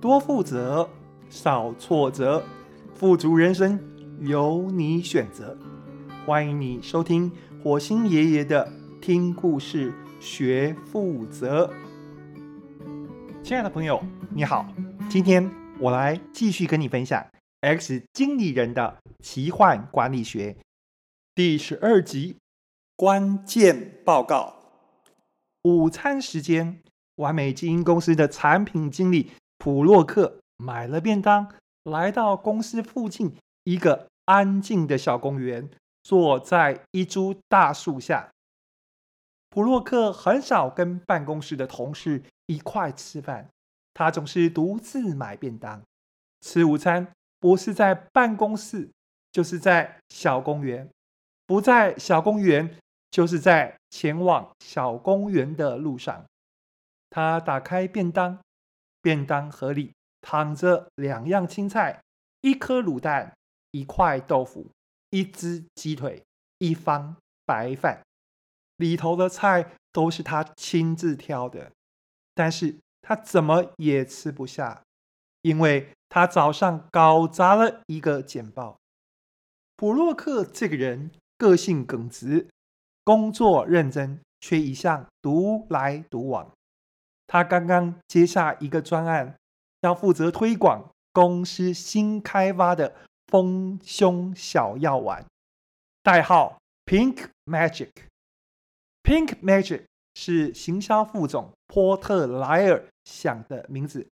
多負責，少挫折，富足人生由你選擇。歡迎你收聽火星爺爺的聽故事學富擇。親愛的朋友，你好，今天我來繼續跟你分享《X 經理人的奇幻管理學》第十二集——關鍵報告。午餐時間，完美基因公司的產品經理。卜洛克買了便當，來到公司附近一個安靜的小公園，坐在一株大樹下。卜洛克很少跟辦公室的同事一塊吃飯，他總是獨自買便當，吃午餐不是在辦公室，就是在小公園；不在小公園，就是在前往小公園的路上。他打開便當。便當盒裡躺着兩樣青菜，一顆滷蛋，一塊豆腐，一隻雞腿，一方白飯。裡頭的菜都是他親自挑的，但是他怎麼也吃不下，因為他早上搞砸了一個簡報。卜洛克這個人個性耿直，工作認真，卻一向獨來獨往。他剛剛接下一個專案，要負責推廣公司新開發的豐胸小藥丸，代號 Pink Magic。Pink Magic 是行銷副總波特萊爾想的名字。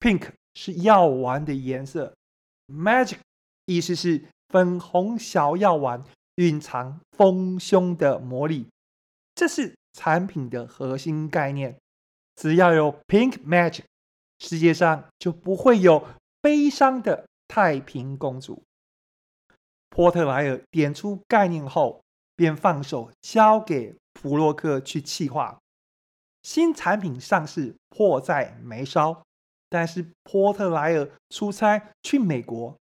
Pink 是藥丸的顏色，Magic 意思是粉紅小藥丸蘊藏豐胸的魔力，這是產品的核心概念。只要有 Pink Magic，世界上就不會有悲傷的太平公主。波特萊爾點出概念後，便放手交給卜洛克去企劃。新產品上市迫在眉梢，但是波特萊爾出差去美國，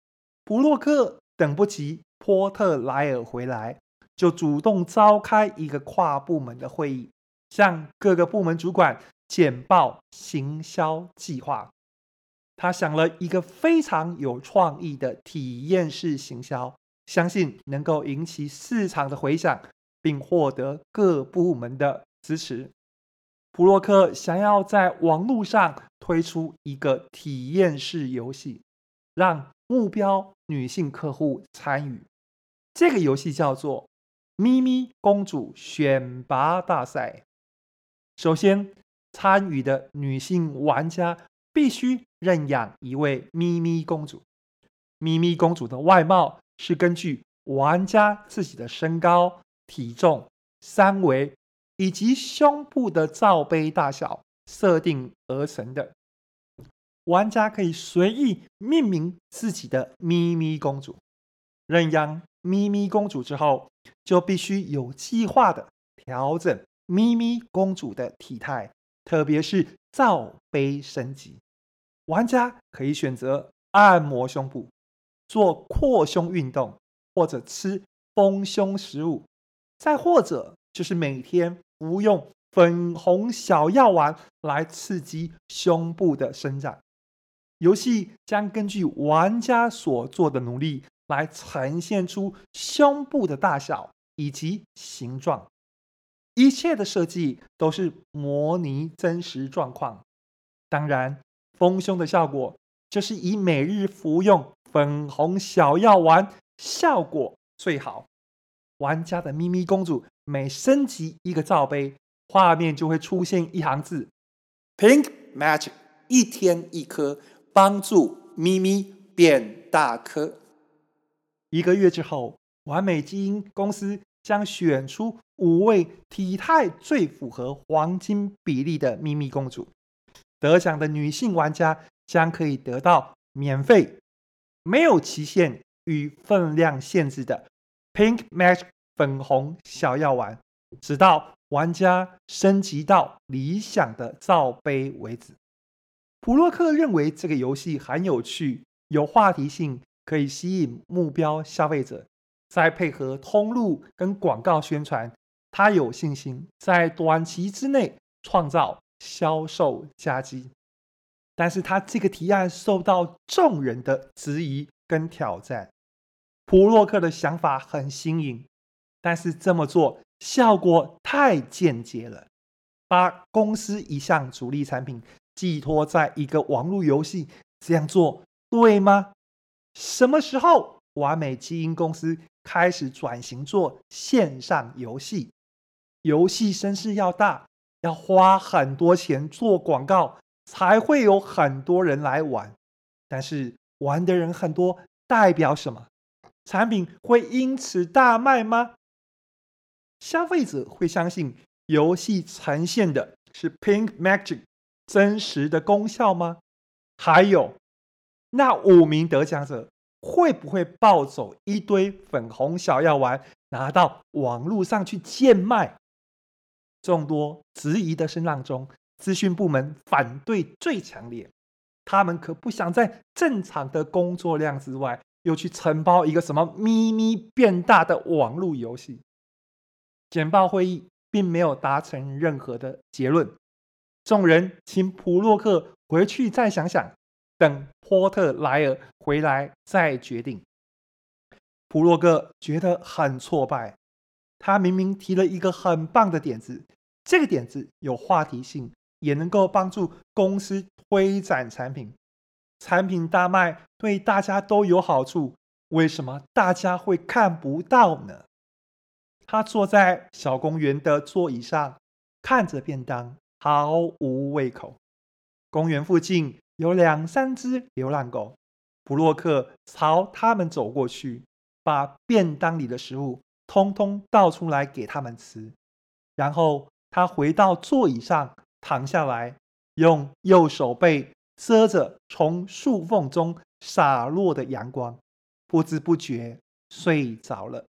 卜洛克等不及波特萊爾回來，就主動召開一個跨部門的會議，向各個部門主管。簡報行銷計劃，他想了一個非常有創意的體驗式行銷，相信能夠引起市場的迴響，並獲得各部門的支持。卜洛克想要在網絡上推出一個體驗式遊戲，讓目標女性客戶參與。這個遊戲叫做《咪咪公主選拔大賽》。首先。參與的女性玩家必須認養一位咪咪公主。咪咪公主的外貌是根據玩家自己的身高、體重、三圍以及胸部的罩杯大小設定而成的。玩家可以隨意命名自己的咪咪公主。認養咪咪公主之後，就必須有計劃的調整咪咪公主的體態。特別是罩杯升級，玩家可以選擇按摩胸部、做擴胸運動，或者吃豐胸食物，再或者就是每天服用粉紅小藥丸來刺激胸部的生長。遊戲將根據玩家所做的努力來呈現出胸部的大小以及形狀。一切的設計都是模擬真實狀況。當然，豐胸的效果就是以每日服用粉紅小藥丸效果最好。玩家的咪咪公主每升級一個罩杯，畫面就會出現一行字：“Pink Magic，一天一顆，幫助咪咪變大顆。”一個月之後，完美基因公司。將選出五位體態最符合黃金比例的秘密公主，得獎的女性玩家將可以得到免費、沒有期限與分量限制的 Pink Match 粉紅小藥丸，直到玩家升級到理想的罩杯為止。卜洛克認為這個遊戲很有趣，有話題性，可以吸引目標消費者。再配合通路跟廣告宣傳，他有信心在短期之內創造銷售佳績。但是他這個提案受到眾人的質疑跟挑戰。卜洛克的想法很新穎，但是這麼做效果太間接了，把公司一項主力產品寄托在一個網絡遊戲，這樣做對嗎？什麼時候完美基因公司？開始轉型做線上遊戲，遊戲聲勢要大，要花很多錢做廣告，才會有很多人來玩。但是玩的人很多，代表什麼？產品會因此大賣嗎？消費者會相信遊戲呈現的是 Pink Magic 真實的功效嗎？還有，那五名得獎者，會不會抱走一堆粉紅小藥丸，拿到網絡上去賤賣？眾多質疑的聲浪中，資訊部門反對最強烈，他們可不想在正常的工作量之外，又去承包一個什麼咪咪變大的網絡遊戲。簡報會議並沒有達成任何的結論，眾人請卜洛克回去再想想。等波特萊爾回來再決定。卜洛克覺得很挫敗，他明明提了一個很棒的點子，這個點子有話題性，也能夠幫助公司推展產品，產品大賣對大家都有好處，為什麼大家會看不到呢？他坐在小公園的座椅上，看着便當，毫無胃口。公園附近，有兩三隻流浪狗，卜洛克朝他們走過去，把便當裡的食物通通倒出來給他們吃，然後他回到座椅上躺下來，用右手背遮着從樹縫中灑落的陽光，不知不覺睡着了。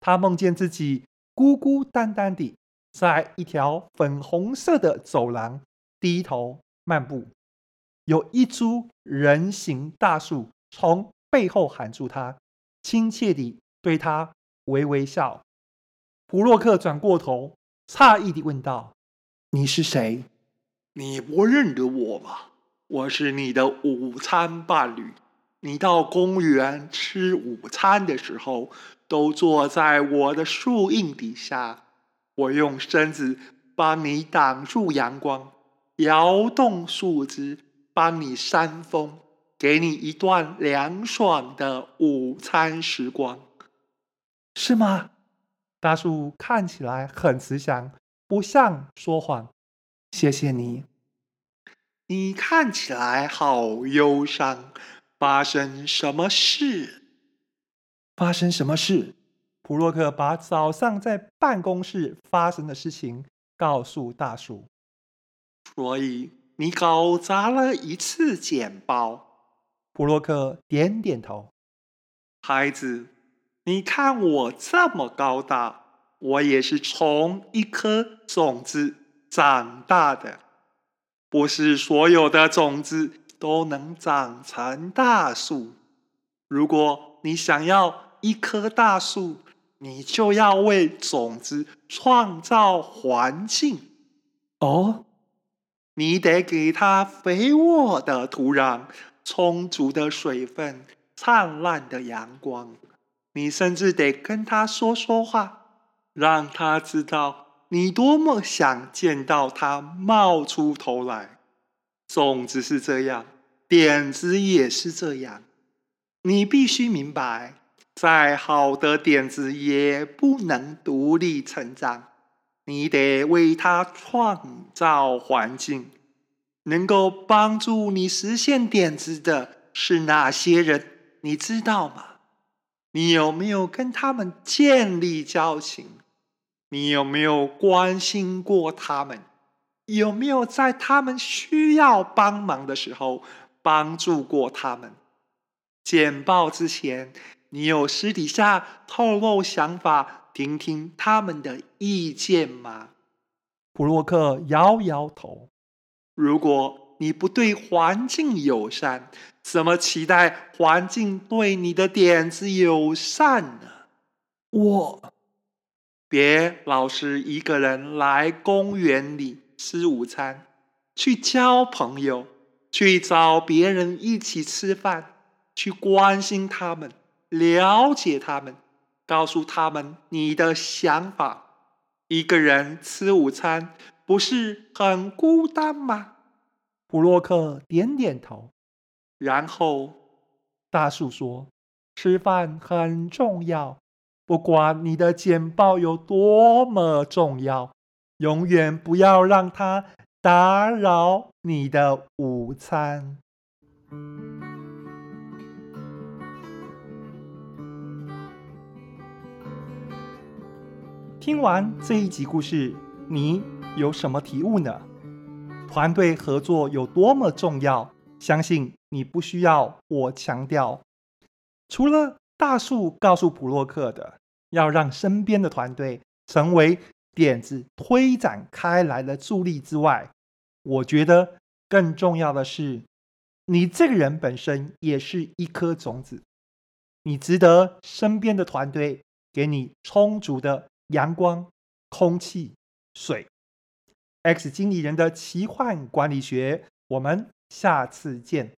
他夢見自己孤孤單單地在一條粉紅色的走廊低頭漫步。有一株人形大樹從背後喊住他，親切地對他微微笑。卜洛克轉過頭，詫異地問道：“你是誰？你不認得我嗎？”“我是你的午餐伴侶。你到公園吃午餐的時候，都坐在我的樹蔭底下。我用身子幫你擋住陽光，搖動樹枝。”幫你扇風，給你一段涼爽的午餐時光，是嗎？大樹看起來很慈祥，不像說謊。謝謝你。你看起來好憂傷，發生什麼事？發生什麼事？卜洛克把早上在辦公室發生的事情告訴大樹，所以。你搞砸了一次簡報，卜洛克點點頭。孩子，你看我這麼高大，我也是從一顆種子長大的。不是所有的種子都能長成大樹。如果你想要一棵大樹，你就要為種子創造環境。哦、oh？你得給它肥沃的土壤、充足的水分、燦爛的陽光。你甚至得跟它說說話，讓它知道你多麼想見到它冒出頭來。種子是這樣，點子也是這樣。你必須明白，再好的點子也不能獨立成長。你得為他創造環境，能夠幫助你實現點子的是哪些人？你知道嗎？你有沒有跟他們建立交情？你有沒有關心過他們？有沒有在他們需要幫忙的時候幫助過他們？簡報之前，你有私底下透露想法，聽聽他們的意見嗎？卜洛克搖搖頭。如果你不對環境友善，怎麼期待環境對你的點子友善呢？我別老是一個人來公園裡吃午餐，去交朋友，去找別人一起吃飯，去關心他們，了解他們。告訴他們你的想法。一個人吃午餐不是很孤單嗎？卜洛克點點頭。然後，大樹說：“吃飯很重要，不管你的簡報有多麼重要，永遠不要讓它打擾你的午餐。”聽完這一集故事，你有什麼體悟呢？團隊合作有多麼重要，相信你不需要我強調。除了大樹告訴卜洛克的，要讓身邊的團隊成為點子推展開來的助力之外，我覺得更重要的是，你這個人本身也是一顆種子，你值得身邊的團隊給你充足的。陽光、空氣、水。X 經理人的奇幻管理學，我們下次見。